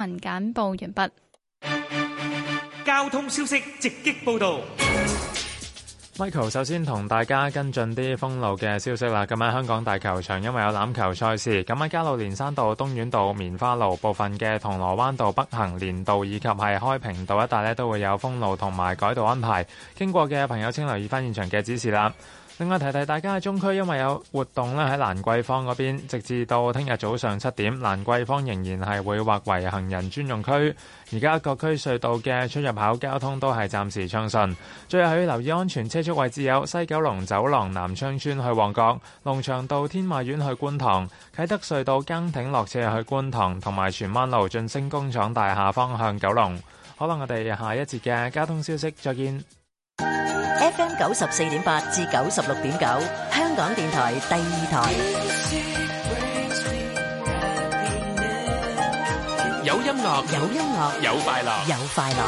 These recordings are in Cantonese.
文簡報完畢。交通消息直擊報道。Michael 首先同大家跟進啲封路嘅消息啦。今晚香港大球場因為有欖球賽事，咁喺加路連山道、東院道、棉花路部分嘅銅鑼灣道北行連道以及係開平道一帶呢，都會有封路同埋改道安排。經過嘅朋友，請留意翻現場嘅指示啦。另外提提大家，中區因為有活動咧，喺蘭桂坊嗰邊，直至到聽日早上七點，蘭桂坊仍然係會劃為行人專用區。而家各區隧道嘅出入口交通都係暫時暢順。最後要留意安全車速位置有西九龍走廊、南昌村去旺角、龍翔道、天馬苑去觀塘、啟德隧道、堅挺落斜去觀塘，同埋荃灣路晉升工廠大廈方向九龍。好啦，我哋下一節嘅交通消息，再見。FM 九十四點八至九十六點九，香港電台第二台。有音樂，有音樂，有快樂，有快樂。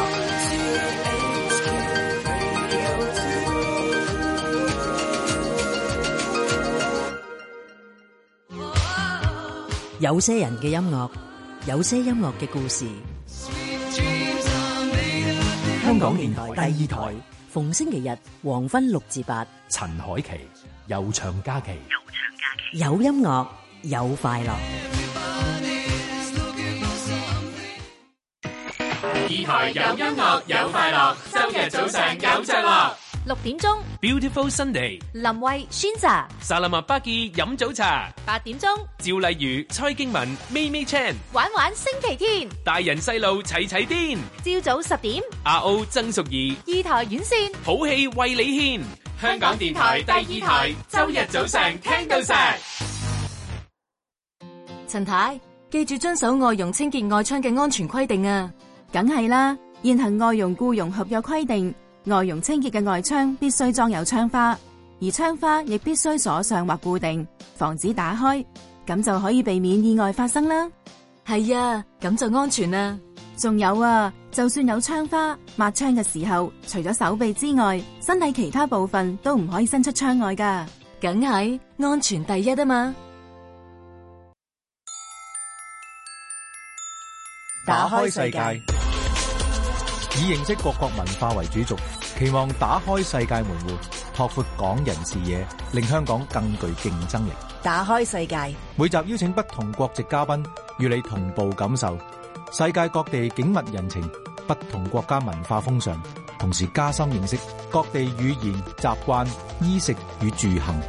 有些人嘅音樂，有些音樂嘅故事。香港電台第二台。逢星期日黃昏六至八，陳凱琪、有長假期有，有音樂有快樂，二台有音樂有快樂，周日早上有著落。六點鐘，Beautiful Sunday，林慧宣茶，薩拉瑪巴記飲早茶，八點鐘，趙麗如、蔡經文、May May Chan，玩玩星期天，大人細路齊齊癲，朝早十點，阿歐曾淑儀，二台院線，好戲為你獻，香港電台第二台，周日早上聽到晒，陳太，記住遵守外傭清潔外窗嘅安全規定啊，梗係啦，現行外傭僱傭合約規定。外用清潔嘅外窗必須裝有窗花，而窗花亦必須鎖上或固定，防止打開，咁就可以避免意外發生啦。係啊，咁就安全啦。仲有啊，就算有窗花，抹窗嘅時候，除咗手臂之外，身體其他部分都唔可以伸出窗外噶。梗係安全第一啊嘛！打開世界。以認識各國文化為主軸，期望打開世界門戶，拓闊港人視野，令香港更具競爭力。打開世界，每集邀請不同國籍嘉賓，與你同步感受世界各地景物人情、不同國家文化風尚，同時加深認識各地語言、習慣、衣食與住行。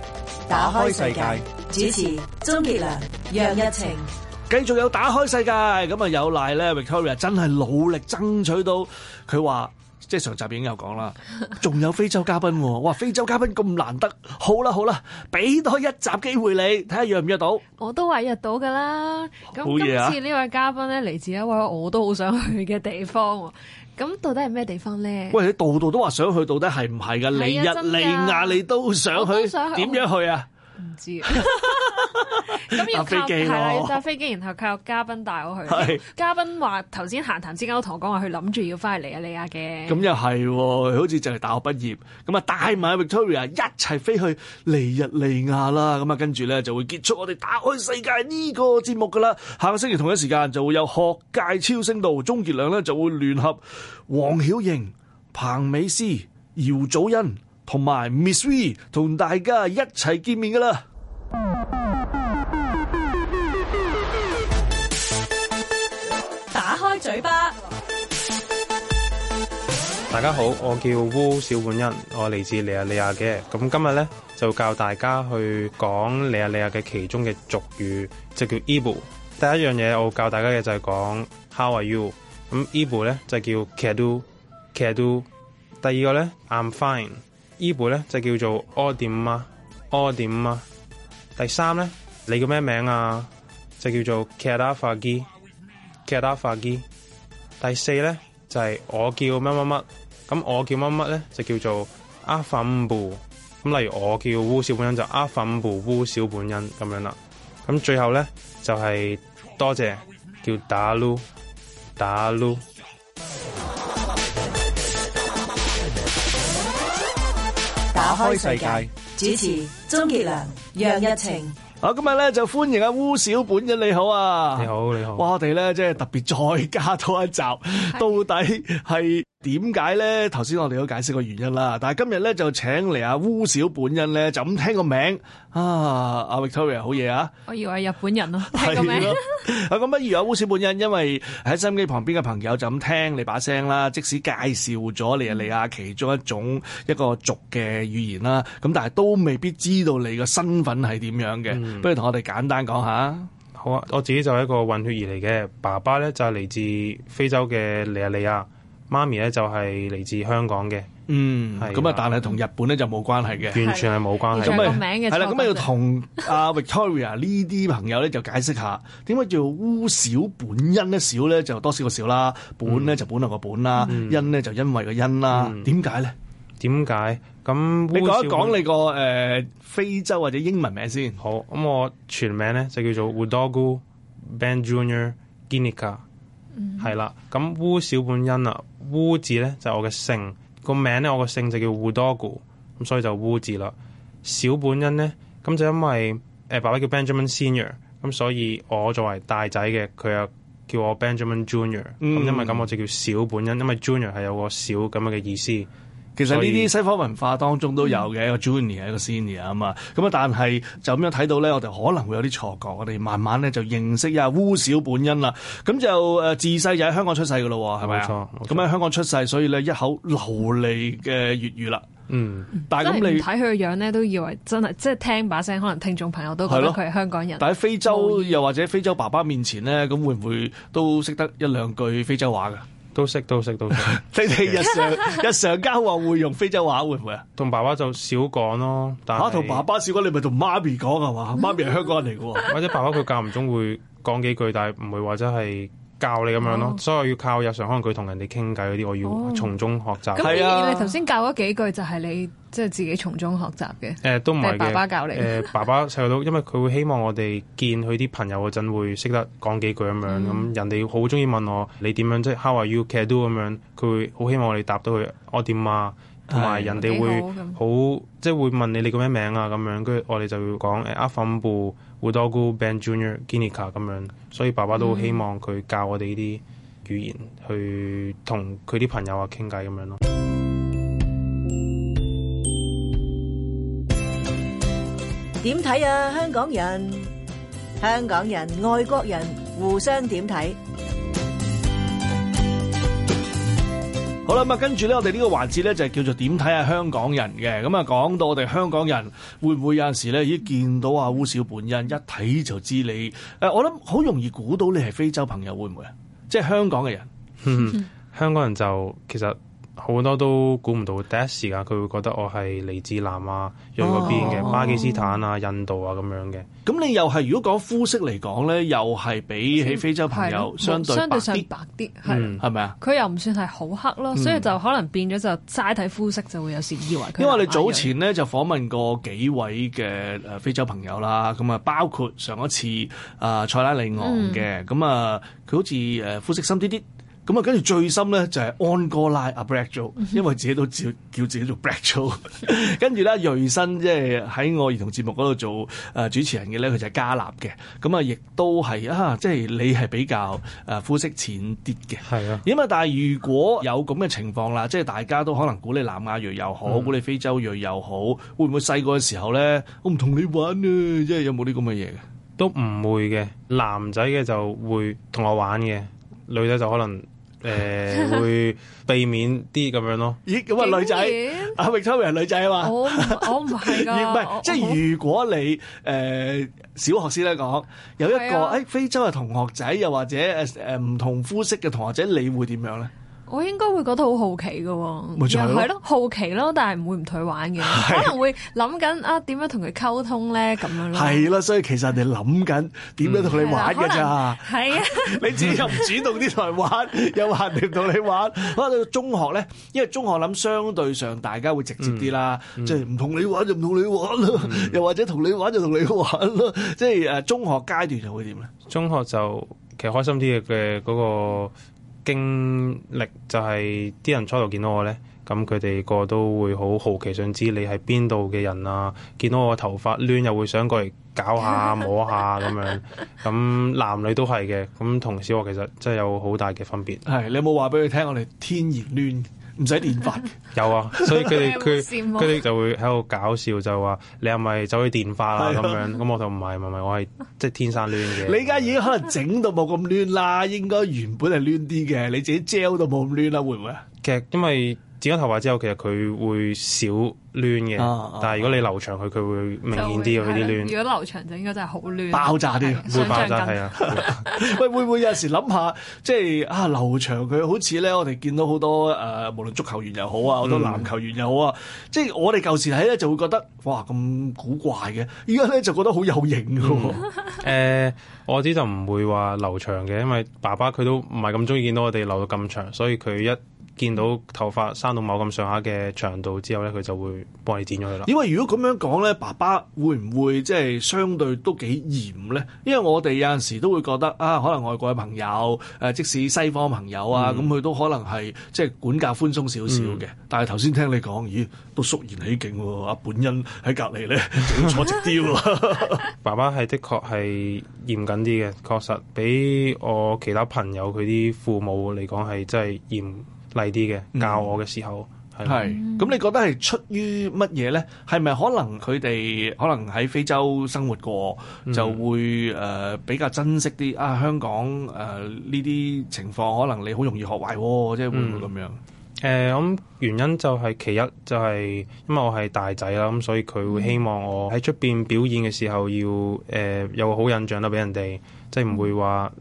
打開世界，主持鍾傑良、楊逸晴。繼續有打開世界，咁啊有賴咧 Victoria 真係努力爭取到，佢話即係上集已經有講啦，仲有非洲嘉賓，哇非洲嘉賓咁難得，好啦好啦，俾多一集機會你睇下約唔約到？我都話約到噶啦。咁今次呢位嘉賓咧嚟自一位我都好想去嘅地方，咁到底係咩地方咧？喂，你度度都話想去，到底係唔係噶？尼日利亞你都想去？點樣去啊？唔知，咁 要靠係啦，要揸飛機，然後靠嘉賓帶我去。嘉賓話頭先閒談之間都同我講話，佢諗住要翻去尼日利亞嘅。咁又係，好似淨係大學畢業，咁啊帶埋 Victoria 一齊飛去尼日利亞啦。咁啊，跟住咧就會結束我哋打開世界呢個節目噶啦。下個星期同一時間就會有學界超聲道鍾傑良咧就會聯合黃曉瑩、彭美詩、姚祖恩，同埋 Miss We 同大家一齊見面㗎喇！打開嘴巴，大家好，我叫 w 烏小本恩，我嚟自尼日利亞嘅。咁今日咧就教大家去講尼日利亞嘅其中嘅俗語，就叫 Igbo。第一樣嘢我教大家嘅就係講 How are you？咁 Igbo 咧就叫 Kedu Kedu。第二個咧 I'm fine。E 部咧就叫做 Odima，Odima。第三咧你叫咩名啊？就叫做 Kerlafagi，Kerlafagi。第四咧就係、是、我叫乜乜乜，咁我叫乜乜咧就叫做阿粉布。咁例如我叫烏小本恩就阿粉布烏小本恩咁樣啦。咁最後咧就係、是、多謝叫打撈，打撈。.打開世界，主持鍾傑良、楊逸晴，好，今日咧就歡迎阿、啊、烏小本恩，你好啊？你好你好，你好哇，我哋咧即係特別再加多一集， 到底係。點解咧？頭先我哋都解釋個原因啦。但係今日咧就請嚟阿烏小本人咧，就咁聽個名啊！阿 Victoria 好嘢啊！我以為日本人咯，係咁樣。啊，咁不如阿烏小本人，因為喺收音機旁邊嘅朋友就咁聽你把聲啦。即使介紹咗尼日利亞其中一種一個族嘅語言啦，咁但係都未必知道你個身份係點樣嘅。嗯、不如同我哋簡單講下。好啊，我自己就係一個混血兒嚟嘅，爸爸咧就係、是、嚟自非洲嘅尼日利亞。媽咪咧就係嚟自香港嘅，嗯，係咁啊，但係同日本咧就冇關係嘅，完全係冇關係。咁咪係啦，咁要同阿 Victoria 呢啲朋友咧就解釋下，點解叫烏小本恩咧少咧就多少個少啦，本咧就本嚟個本啦，因咧就因為個因啦。點解咧？點解咁？你講一講你個誒非洲或者英文名先。好，咁我全名咧就叫做 Udogwu Ben Junior Ginika。係啦，咁烏、嗯、小本恩啊，烏字咧就係我嘅姓，個名咧我個姓就叫烏多古，咁所以就烏字啦。小本恩咧，咁就因為誒爸爸叫 Benjamin Senior，咁所以我作為大仔嘅，佢又叫我 Benjamin Junior，咁因為咁我就叫小本恩，嗯、因為 Junior 係有個小咁樣嘅意思。其實呢啲西方文化當中都有嘅，嗯、一個 Junior 一個 Senior 啊嘛。咁啊，但係就咁樣睇到咧，我哋可能會有啲錯覺。我哋慢慢咧就認識一下烏小本恩啦。咁就誒自細就喺香港出世噶咯，係咪啊？冇錯，okay。咁喺香港出世，所以咧一口流利嘅粵語啦。嗯，但係咁你睇佢個樣咧，都以為真係即係聽把聲，可能聽眾朋友都覺得佢係香港人。但喺非洲又或者非洲爸爸面前咧，咁會唔會都識得一兩句非洲話㗎？都識，都識，都識。你哋 日常 日常交流會用非洲話會唔會啊？同爸爸就少講咯。但係，同爸爸少講，你咪同媽咪講係嘛？媽咪係香港人嚟嘅。 或者爸爸佢間唔中會講幾句，但係唔會話真係。教你咁樣咯，oh. 所以我要靠日常可能佢同人哋傾偈嗰啲，我要從中學習。係啊，你頭先教嗰幾句就係你即係、就是、自己從中學習嘅。誒、欸，都唔係嘅。誒爸爸、欸，爸爸細個都因為佢會希望我哋見佢啲朋友嗰陣會識得講幾句咁樣，咁、 嗯、人哋好中意問我你點樣，即係 How are you, Kado 咁樣。佢會好希望我哋答到佢，我、哦、點啊，同埋人哋會好，好即係會問你你，你叫咩名啊咁樣。跟住我哋就會講誒阿粉布。啊會多估 Ben Junior、Ginika 咁樣，所以爸爸都好希望佢教我哋呢啲語言，去同佢啲朋友啊傾偈咁樣咯。點睇啊，香港人、香港人、外國人互相點睇？好啦，咁跟住咧，我哋呢個環節咧就係叫做點睇下、啊、香港人嘅。咁啊，講到我哋香港人會唔會有陣時咧，已經見到阿烏小本恩一睇就知你誒，我諗好容易估到你係非洲朋友會唔會啊？即係香港嘅人、嗯，香港人就其實。好多都估唔到，第一時間佢會覺得我係嚟自南亞嗰邊嘅，哦、巴基斯坦啊、印度啊咁樣嘅。咁你又係如果講膚色嚟講咧，又係比起非洲朋友相對上白啲，係咪啊？佢、嗯、吧又唔算係好黑咯，嗯、所以就可能變咗就齋睇膚色就會有時以為佢。因為你早前咧就訪問過幾位嘅誒非洲朋友啦，咁啊包括上一次啊、呃、塞拉利昂嘅，咁啊佢好似誒膚色深啲啲。嗯嗯咁啊，跟住最深咧就係安哥拉阿 Black Joe，因為自己都叫叫自己做 Black Joe 跟。跟住咧，瑞新即係喺我兒童節目嗰度做誒主持人嘅咧，佢就係加納嘅。咁啊，亦都係啊，即係你係比較誒膚色淺啲嘅。係啊。咁啊，但係如果有咁嘅情況啦，即係大家都可能估你南亞裔又好，估、嗯、你非洲裔又好，會唔會細個嘅時候咧，我唔同你玩啊？即係有冇啲咁嘅嘢嘅？都唔會嘅，男仔嘅就會同我玩嘅。女仔就可能誒、呃、會避免啲咁 樣咯。咦？ 咁 啊，Victoria，女仔啊，Victoria 係女仔啊嘛？我 是我唔係㗎。唔係，即係如果你誒、呃、小學時咧講有一個誒我、哎、非洲嘅同學仔，又或者誒誒唔同膚色嘅同學仔，你會點樣咧？我應該會覺得好好奇嘅，又係咯好奇咯，但係唔會唔同佢玩嘅，可能會諗緊啊點樣同佢溝通咧咁樣咯。係啦，所以其實人哋諗緊點樣同你玩嘅咋？係啊，你自己又唔主動啲同人玩，又話人哋唔同你玩。可能到中學咧，因為中學諗相對上大家會直接啲啦，即係唔同你玩就唔同你玩咯，又或者同你玩就同你玩咯。即係誒中學階段就會點咧？中學就其實開心啲嘅嘅嗰個。經歷就係、是、啲人初頭見到我呢，咁佢哋個個都會好好奇，想知你係邊度嘅人啊！見到我頭髮亂又會想過嚟搞下摸下咁 樣，咁男女都係嘅，咁同小學其實真係有好大嘅分別。係你有冇話俾佢聽？我哋天然亂。唔使電髮， 有啊，所以佢哋佢佢哋就會喺度搞笑，就話你係咪走去電髮啊咁樣？咁我就唔係，唔係，我係即係天生攣嘅。你而家已經可能整到冇咁攣啦，應該原本係攣啲嘅，你自己 gel 到冇咁攣啦，會唔會啊？ 其實因為。剪咗頭髮之後，其實佢會少攣嘅，啊啊、但係如果你留長佢，佢會明顯啲啊嗰啲攣。會如果留長應該就應該真係好攣，爆炸啲，會爆炸係啊。喂像， 會唔 會，會有時諗下，即、就、係、是、啊留長佢好似咧，我哋見到好多誒、呃，無論足球員又好啊，好多籃球員又好啊，嗯、即係我哋舊時睇咧就會覺得哇咁古怪嘅，而家咧就覺得好有型嘅。誒、嗯 呃，我啲就唔會話留長嘅，因為爸爸佢都唔係咁中意見到我哋留到咁長，所以佢一。見到頭髮生到某咁上下嘅長度之後咧，佢就會幫你剪咗佢啦。因為如果咁樣講咧，爸爸會唔會即係相對都幾嚴咧？因為我哋有陣時都會覺得啊，可能外國嘅朋友誒、啊，即使西方朋友啊，咁佢、嗯、都可能係即係管教寬鬆少少嘅。嗯、但係頭先聽你講，咦，都肅然起敬喎、啊！阿本恩喺隔籬咧，仲坐直啲喎、啊。 爸爸係的確係嚴緊啲嘅，確實比我其他朋友佢啲父母嚟講係真係嚴。嚟啲嘅教我嘅時候係，咁是、嗯、你覺得係出於乜嘢咧？係咪可能佢哋可能喺非洲生活過、嗯、就會誒、呃、比較珍惜啲啊？香港誒呢啲情況可能你好容易學壞喎、哦，即、就、係、是、會唔會咁樣？誒、嗯，咁、呃呃呃、原因就係其一就係因為我係大仔啦，咁、嗯、所以佢會希望我喺出邊表演嘅時候要誒、呃、有個好印象啦、啊，俾人哋即係唔會話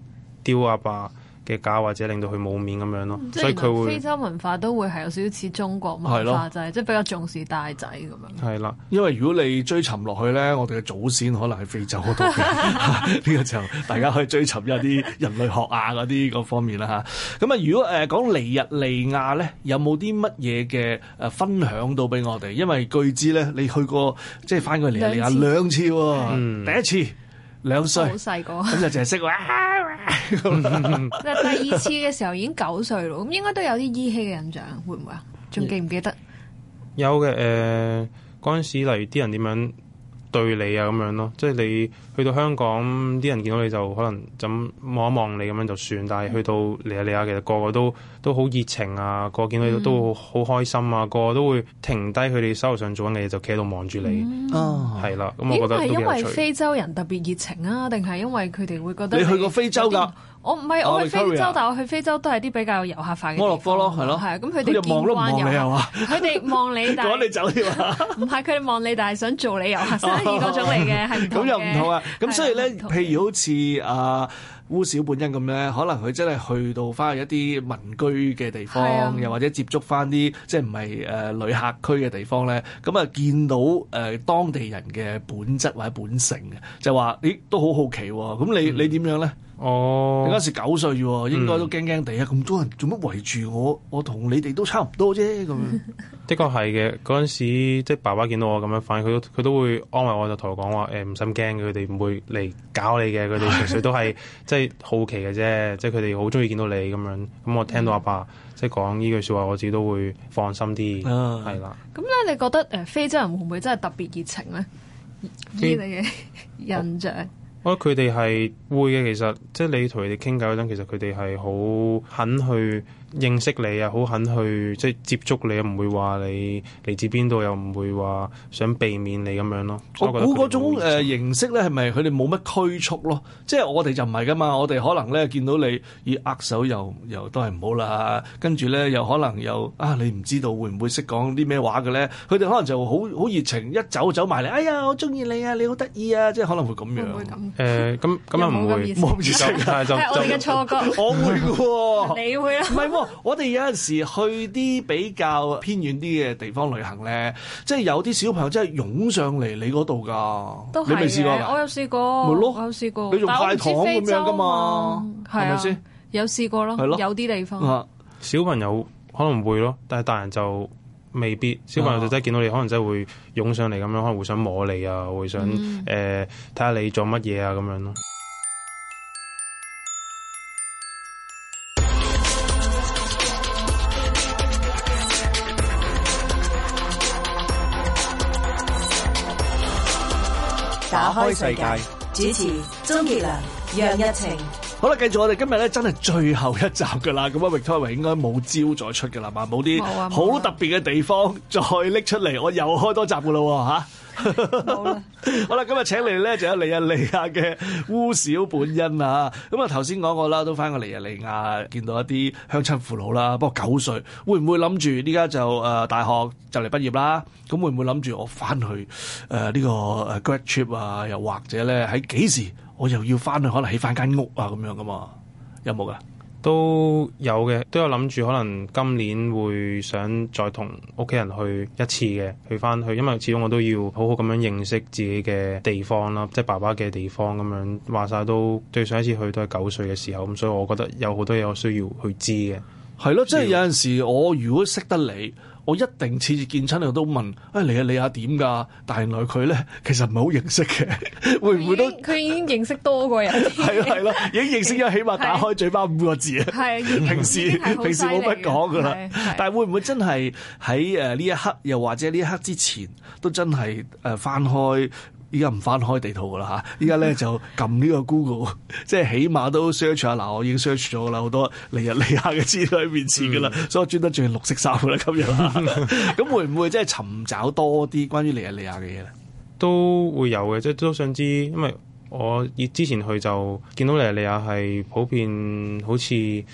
丟啊吧。嘅教或者令到佢冇面咁樣咯，所以佢會非洲文化都會係有少少似中國文化，了就係即係比較重視大仔咁樣。係啦了，因為如果你追尋落去咧，我哋嘅祖先可能係非洲嗰度嘅。呢 個就大家可以追尋一啲人類學啊嗰啲嗰方面啦嚇。咁啊，如果誒、呃、講尼日利亞咧，有冇啲乜嘢嘅誒分享到俾我哋？因為據知咧，你去過即係翻過尼日利亞兩次喎，兩次哦嗯、第一次。兩歲，咁好細個 就淨係識話。咁 第二次嘅時候已經九歲咯，咁應該都有啲依稀嘅印象，會唔會啊？仲記唔記得？有嘅，誒、呃，嗰陣時例如啲人點樣？對，你啊咁樣咯，即係你去到香港啲人見到你就可能咁望一望你咁樣就算，但係去到尼日利亞啊，其實個個都都好熱情啊，個個見到你都好開心啊，嗯、個個都會停低佢哋手頭上做緊嘅嘢，就企喺度望住你，係啦、嗯，咁我覺得都係因為非洲人特別熱情啊，定係因為佢哋會覺得你，你去過非洲㗎？我唔係我去非洲，但我去非洲都係啲比較遊客化嘅地方，摩洛哥咯，係咯，係啊。咁佢哋望都你係嘛？佢哋望你，趕你走添啊？唔係佢哋望你，但係想做遊客生意嗰種嚟嘅，係咁又唔同啊。咁所以咧，譬如好似阿烏小本恩咁咧，可能佢真係去到翻去一啲民居嘅地方，又或者接觸翻啲即係唔係誒旅客區嘅地方咧，咁啊見到誒當地人嘅本質或者本性嘅，就話咦都好好奇喎。咁你你點樣咧？哦，你嗰時九歲喎，應該都驚驚地啊！咁、嗯、多人做乜圍住我？我同你哋都差唔多啫，咁樣。的確係嘅，嗰陣時即係爸爸見到我咁樣反，反正佢都佢都會安慰我，就同我講話，誒、欸，唔使驚，佢哋唔會嚟搞你嘅，佢哋純粹都係即係好奇嘅啫，即係佢哋好中意見到你咁樣。咁我聽到阿爸即係講呢句說話，我自己都會放心啲，係啦、uh,。咁咧，你覺得誒，非洲人會唔會真係特別熱情咧？依你嘅印象？我覺得佢哋係會嘅，其實即係你同佢哋傾偈嗰陣，其實佢哋係好肯去認識你啊，好肯去即係接觸你，唔會話你嚟自邊度，又唔會話想避免你咁樣咯。我估猜嗰種誒、呃、形式咧，係咪佢哋冇乜拘束咯？即係我哋就唔係噶嘛，我哋可能咧見到你要握手又又都係唔好啦。跟住咧又可能又啊，你唔知道會唔會識講啲咩話嘅咧？佢哋可能就好好熱情，一走走埋嚟，哎呀我中意你啊，你好得意啊，即係可能會咁樣。會咁咁咁唔會冇熱情，但係就係我哋嘅錯覺。 我會嘅、啊、 你會啊？哦、我哋有陣時去啲比較偏遠啲嘅地方旅行咧，即係有啲小朋友真係湧上嚟你嗰度噶，都你未試過？我有試過，有試過。你仲派糖咁樣噶嘛？係咪先？是是有試過咯，咯有啲地方，啊。小朋友可能會咯，但係大人就未必。小朋友就真係見到你，可能真係會湧上嚟咁樣，可能會想摸你啊，會想誒睇下你做乜嘢啊咁樣咯。打開世界， 主持鍾傑良、楊逸晴。好啦，繼續我哋今日咧，真係最後一集噶啦。咁啊 Victoria 應該冇招再出噶啦嘛，冇啲好特別嘅地方再拎出嚟，我又開多集噶啦吓。好啦，好啦，今日請嚟咧就有尼日利亞嘅烏小本恩啊，咁啊頭先講過啦，都翻個尼日利亞見到一啲鄉親父老啦，不過九歲會唔會諗住依家就誒大學就嚟畢業啦？咁會唔會諗住我翻去誒呢個誒 grad trip 啊？又或者咧喺幾時我又要翻去可能起翻間屋啊咁樣噶嘛？有冇噶？都有嘅，都有諗住可能今年會想再同屋企人去一次嘅，去翻去，因為始終我都要好好咁樣認識自己嘅地方啦，即係爸爸嘅地方咁樣。話晒都對上一次去都係九歲嘅時候，咁所以我覺得有好多嘢我需要去知嘅。係咯的，需要即係有陣時我如果識得你。我一定次次見親我都問，哎，你下點噶？但係原來佢咧，其實唔係好認識嘅，會唔會都？佢已，已經認識多個人，係咯係咯，已經認識咗起碼打開嘴巴五個字啊！係平時平時冇乜講噶啦，但係會唔會真係喺誒呢一刻，又或者呢一刻之前，都真係誒、呃、翻開？依家唔翻開地圖噶啦嚇！依家咧就撳呢個 Google，即係起碼都 search 下。嗱、啊，我已經 search 咗啦，好多尼日利亞嘅資料喺面前噶啦，嗯、所以我專登著綠色衫啦咁樣。咁、嗯、 會唔會即係尋找多啲關於尼日利亞嘅嘢咧？都會有嘅，即係都想知，因為我以之前去就見到尼日利亞係普遍好似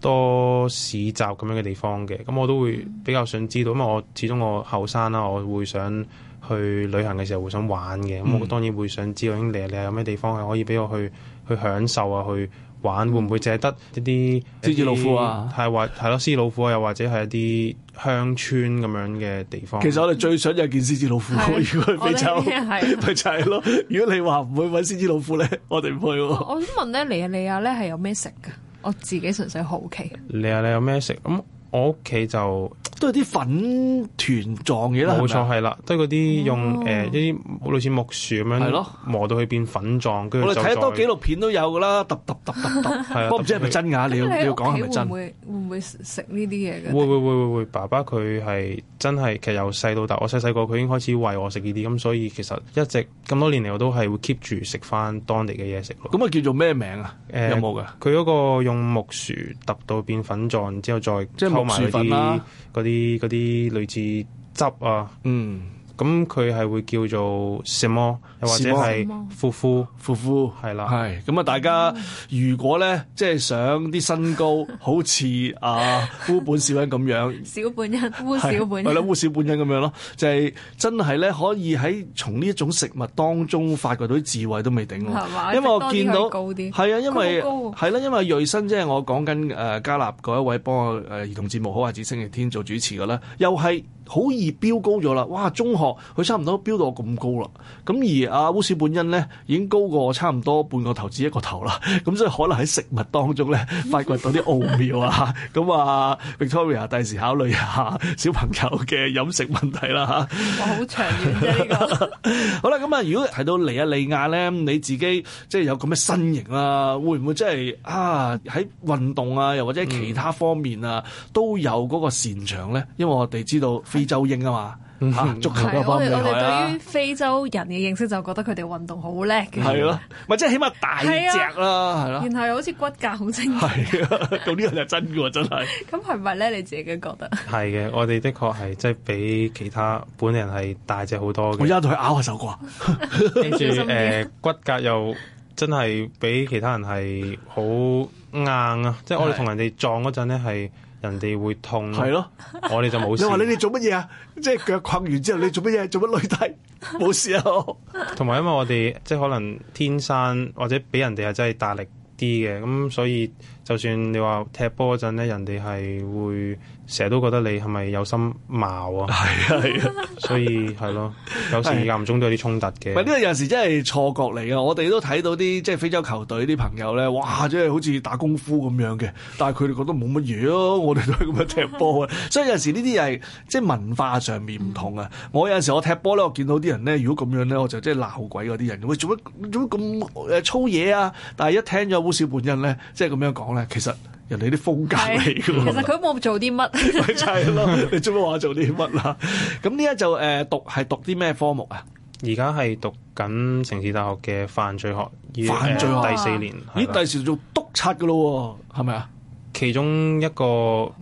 多市集咁樣嘅地方嘅，咁我都會比較想知道。因為我始終我後生啦，我會想。去旅行嘅時候會想玩嘅，咁我當然會想知道，應嚟啊嚟有咩地方係可以俾我去去享受啊，去玩會唔會淨係得一啲獅子老虎啊？係或係咯，獅子老虎啊，又或者係一啲鄉村咁樣嘅地方。其實我哋最想就係見獅子老虎，老虎的如果去非洲，咪呢 就係咯。如果你話唔去揾獅子老虎咧，我哋唔去喎。我想問咧嚟啊你啊咧係有咩食嘅？我自己純粹好奇。嚟啊你有咩食？咁我屋企就，都係啲粉團狀嘅，啦，冇錯係啦，都係嗰啲用誒啲類似木薯咁樣磨到佢變粉狀，跟住我哋睇得多紀錄片都有噶啦，揼揼揼揼揼，不過唔知係咪真噶？你要你要講係咪真？會唔會食呢啲嘢嘅？會會會會會，爸爸佢係真係其實由細到大，我細細個佢已經開始喂我食呢啲，咁所以其實一直咁多年嚟我都係會 keep 住食翻當地嘅嘢食。咁啊叫做咩名啊？有冇噶？佢嗰個用木薯揼到變粉狀之後再即係木薯粉啦，嗰啲。啲嗰啲類似汁啊，嗯。咁佢係會叫做什麼？又或者係呼呼呼呼，係麼啦。係咁啊！大家如果咧，即、就、係、是、想啲身高好似阿、 啊、烏本小人咁樣， 小本人烏小本，係啦烏小本人咁樣咯，就係、是、真係咧可以喺從呢一種食物當中發掘到啲智慧都未定喎。吧因為我見到係啊，因為係啦、啊，因為瑞新即係我講緊誒加納嗰一位幫誒兒童節目《好孩子星、星期天》做主持嘅啦，又係。好易飆高咗啦！哇，中學佢差唔多飆到我咁高啦。咁而阿烏小本恩咧，已經高過我差唔多半個頭至一個頭啦。咁所以可能喺食物當中咧，發掘到啲奧妙啊。咁啊，Victoria 第時考慮下小朋友嘅飲食問題啦、啊。哇，好長遠嘅 好啦，咁、嗯、啊，嗯嗯、如果提到尼，尼日利亞咧，你自己即係有咁嘅身形啦、啊，會唔會即係啊喺運動啊，又或者其他方面啊，都有嗰個擅長咧？因為我哋知道。非洲英啊嘛，足球，我哋對於非洲人嘅認識就覺得佢哋運動好叻嘅。係咯，咪即係起碼大隻啦，係咯。然後又好似骨骼好精。係，到呢樣就真嘅喎，真係。咁係咪係咧？你自己都覺得？係嘅，我哋的確係即係比其他本地人係大隻好多嘅。我而家同佢拗下手瓜，跟住誒骨骼又真係比其他人係好硬啊！即係我哋同人哋撞嗰陣咧係。人哋會痛，係咯的，我哋就冇事。 你話你哋做乜嘢啊？即係腳跨完之後，你做乜嘢？做乜女低？冇事啊！同埋因為我哋即係可能天生或者比人哋係真係大力啲嘅，咁所以。就算你話踢波嗰陣咧，人哋係會成日都覺得你係咪有心鬧啊？係啊，所以係咯，有時間唔中都有啲衝突嘅。呢個 有陣時真係錯覺嚟嘅。我哋都睇到啲即係非洲球隊啲朋友咧，哇！即係好似打功夫咁樣嘅，但係佢哋覺得冇乜嘢咯。我哋都係咁樣踢波啊。所以有陣時呢啲係即係文化上面唔同啊。我有陣時我踢波咧，我見到啲人咧，如果咁樣咧，我就即係鬧鬼嗰啲人。喂，做乜做咁誒粗野啊？但係一聽咗烏小本恩咧，即係咁樣講。其實人哋啲風格嚟噶，其實佢冇做啲乜，係咯， 你做乜話做啲乜啦？咁呢一就誒，讀係讀啲咩科目啊？而家係讀緊城市大學嘅犯罪學，犯罪學第四年，咦、啊，第時就做督察噶咯，係咪啊？其中一個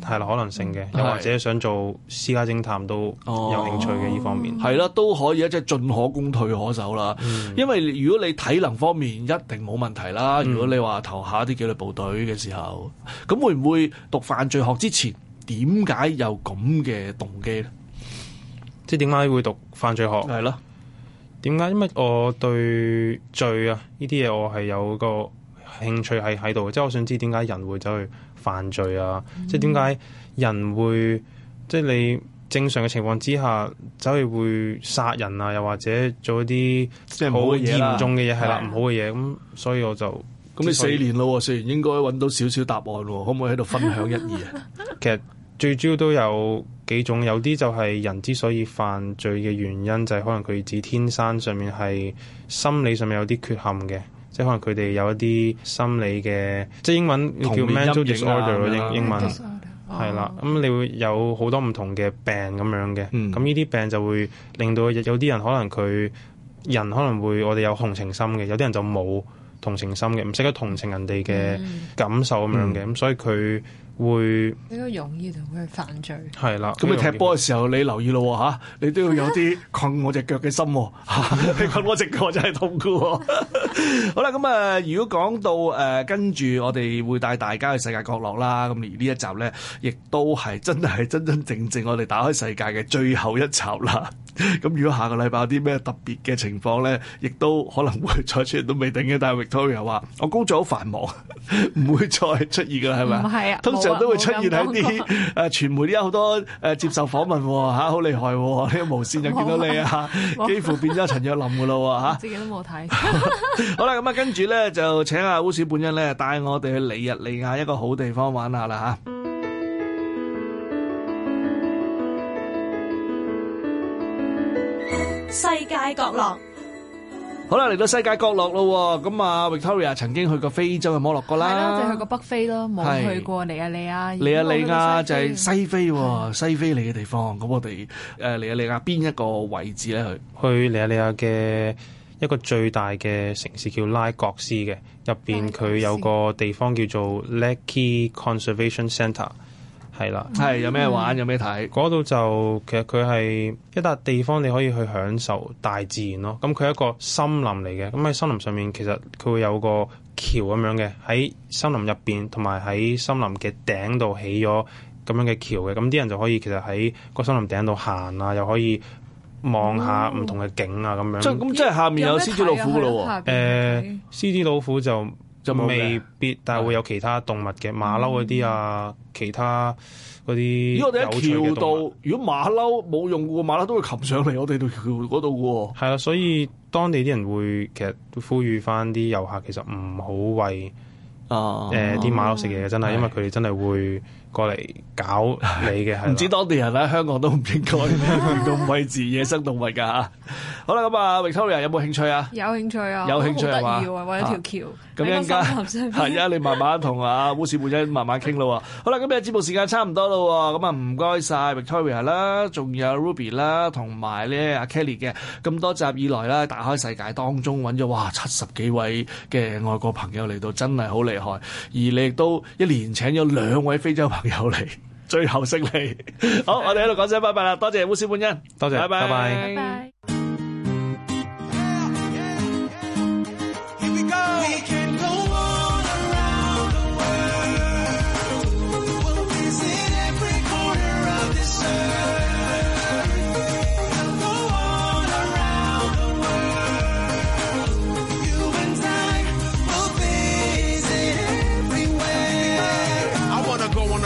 係啦，可能性嘅，又或者想做私家偵探都有興趣嘅呢方面。係啦、哦啊，都可以，即、就、係、是、進可攻退可守啦。嗯、因為如果你體能方面一定冇問題啦。嗯、如果你話投下啲紀律部隊嘅時候，咁、嗯啊、會唔會讀犯罪學之前點解有咁嘅動機咧？即係點解會讀犯罪學？係咯的。點解？因為我對罪啊呢啲嘢，我係有個興趣係喺度，即係我想知點解人會，會走去犯罪啊！即係點解人會即係你正常嘅情況之下，走去會殺人啊，又或者做一啲即係好嚴重嘅嘢，係啦，唔的的好嘅嘢。咁的、嗯、所以我就咁你四年咯，以雖然應該揾到少少答案，咯， 可唔可以喺度分享一二？啊， 其實最主要都有幾種，有啲就係人之所以犯罪嘅原因，就係、是、可能佢指天生上，上面係心理上面有啲缺陷嘅。即係可能佢哋有一啲心理嘅，即係英文叫 mental disorder 咯，英英文係啦。咁 你會有好多唔同嘅病咁樣嘅。咁呢啲病就會令到有啲人可能佢人可能會，我哋有同情心嘅，有啲人就冇。同情心嘅，唔識得同情人哋嘅感受咁樣嘅，咁、嗯、所以佢會比較容易同佢犯罪。係啦，咁你踢波嘅時候，你留意咯嚇、啊，你都要有啲困我隻腳嘅心嚇，你、啊、困 我隻腳真係痛苦。好啦，咁、嗯、啊，如果講到誒，跟、呃、住我哋會帶大家去世界角落啦。咁而呢一集咧，亦都係真係真真正正，正，正，正我哋打開世界嘅最後一集啦。咁如果下個禮拜有啲咩特別嘅情況咧，亦都可能會再出現，都未定嘅。但係 Victoria 話：我工作好繁忙，唔 會再出現嘅，係咪啊？啊是，通常都會出現喺啲誒傳媒有好多誒接受訪問嚇，好、啊、厲害、啊，呢、呢個無線就見到你啊，幾乎變咗陳若琳嘅啦喎，自己都冇睇。 好啦，咁啊，跟住咧就請阿烏小本恩咧帶我哋去尼日利亞一個好地方玩下啦嚇。啊世界角落，好啦，嚟到世界角落咯。咁啊，Victoria 曾經去過非洲嘅摩洛哥啦，係啦，即係、去過北非咯，冇去過尼日利亞。尼日是利亞，尼日利亞，就係西非，西非、哦，西非嚟嘅地方。咁我哋誒尼日利、呃、亞，邊一個位置咧？去去尼日利亞嘅一個最大嘅城市叫拉各斯嘅，入邊佢有個地方叫做 Lekki Conservation Centre。係啦，係有咩玩，有咩睇？嗰度、 嗯、就其實佢係一笪地方，你可以去享受大自然咯。咁佢係一個森林嚟嘅，咁、嗯、喺森林上面其實佢會有個橋咁樣嘅，喺森林入邊同埋喺森林嘅頂度起咗咁樣嘅橋嘅。咁、嗯、啲人就可以其實喺個森林頂度行啊，又可以望下唔同嘅景啊咁樣。嗯、即係咁，即係下面有獅子老虎噶咯喎。誒、嗯，獅子、呃、老虎就～就未必，但係會有其他動物嘅馬騮嗰啲啊，其他嗰啲。如果我哋一跳到，如果馬騮冇用過，馬騮都會擒上嚟我哋度橋嗰度嘅喎。係啦，所以當地啲人會其實都呼籲翻啲遊客其實唔好餵啊誒啲馬騮食嘢真係，因為佢哋真係會過嚟。.搞你嘅唔知當地人咧，香港都唔應該咁畏忌野生動物噶吓。 好啦，咁啊 Victoria 有冇興趣啊？有興趣啊？有興趣啊！嘛？哇！為咗條橋，咁應該係啊！你慢慢同啊烏小本恩慢慢傾啦。 好啦，今日節目時間差唔多啦。咁啊唔該晒 Victoria 啦，仲有 Ruby 啦，同埋咧阿 Kelly 嘅，咁多集以來啦，打開世界當中揾咗哇七十幾位嘅外國朋友嚟到，真係好厲害。而你亦都一年請咗兩位非洲朋友嚟。 最後勝利， 好， 我哋喺度講聲拜拜啦，多謝烏小本恩！多謝，拜拜，拜拜。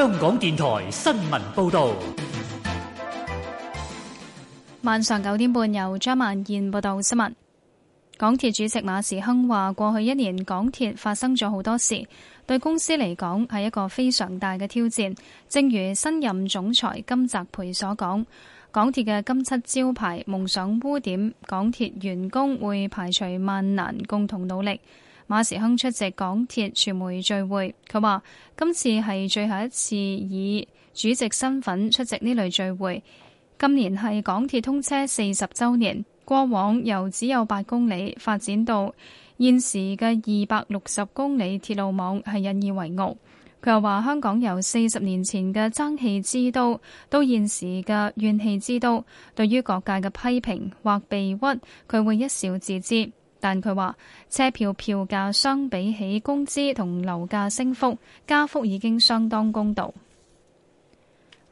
香港電台新聞報道，晚上九點半由張曼燕報道新聞。港鐵主席馬時亨話，過去一年港鐵發生咗好多事，對公司嚟講係一個非常大嘅挑戰。正如新任總裁金澤培所講，港鐵嘅金漆招牌夢想污點，港鐵員工會排除萬難，共同努力。馬時亨出席港鐵傳媒聚會，佢話今次係最後一次以主席身份出席呢類聚會。今年係港鐵通車四十周年，過往由只有八公里發展到現時嘅二百六十公里鐵路網，係引以為傲。佢又話香港由四十年前嘅爭氣之都，到現時嘅怨氣之都，對於各界嘅批評或被屈，佢會一笑置之。但佢話，車票票價相比起工資同樓價升幅，加幅已經相當公道。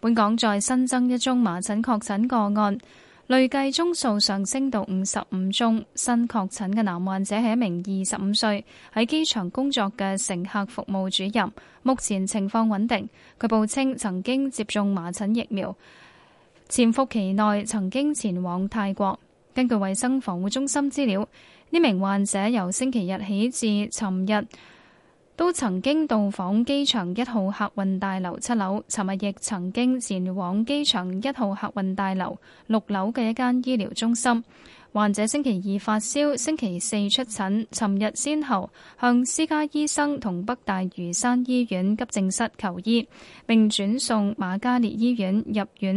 本港再新增一宗麻疹確診個案，累計宗數上升到五十五宗。新確診嘅男患者係一名二十五歲喺機場工作嘅乘客服務主任，目前情況穩定。佢報稱曾經接種麻疹疫苗，潛伏期內曾經前往泰國。根據衛生防護中心資料，呢名患者由星期日起至尋日都曾經到訪機場一號客運大樓七樓，尋日亦曾經前往機場一號客運大樓六樓嘅一間醫療中心。患者星期二發燒，星期四出診，尋日先後向私家醫生同北大嶼山醫院急症室求醫，並轉送瑪嘉烈醫院入院。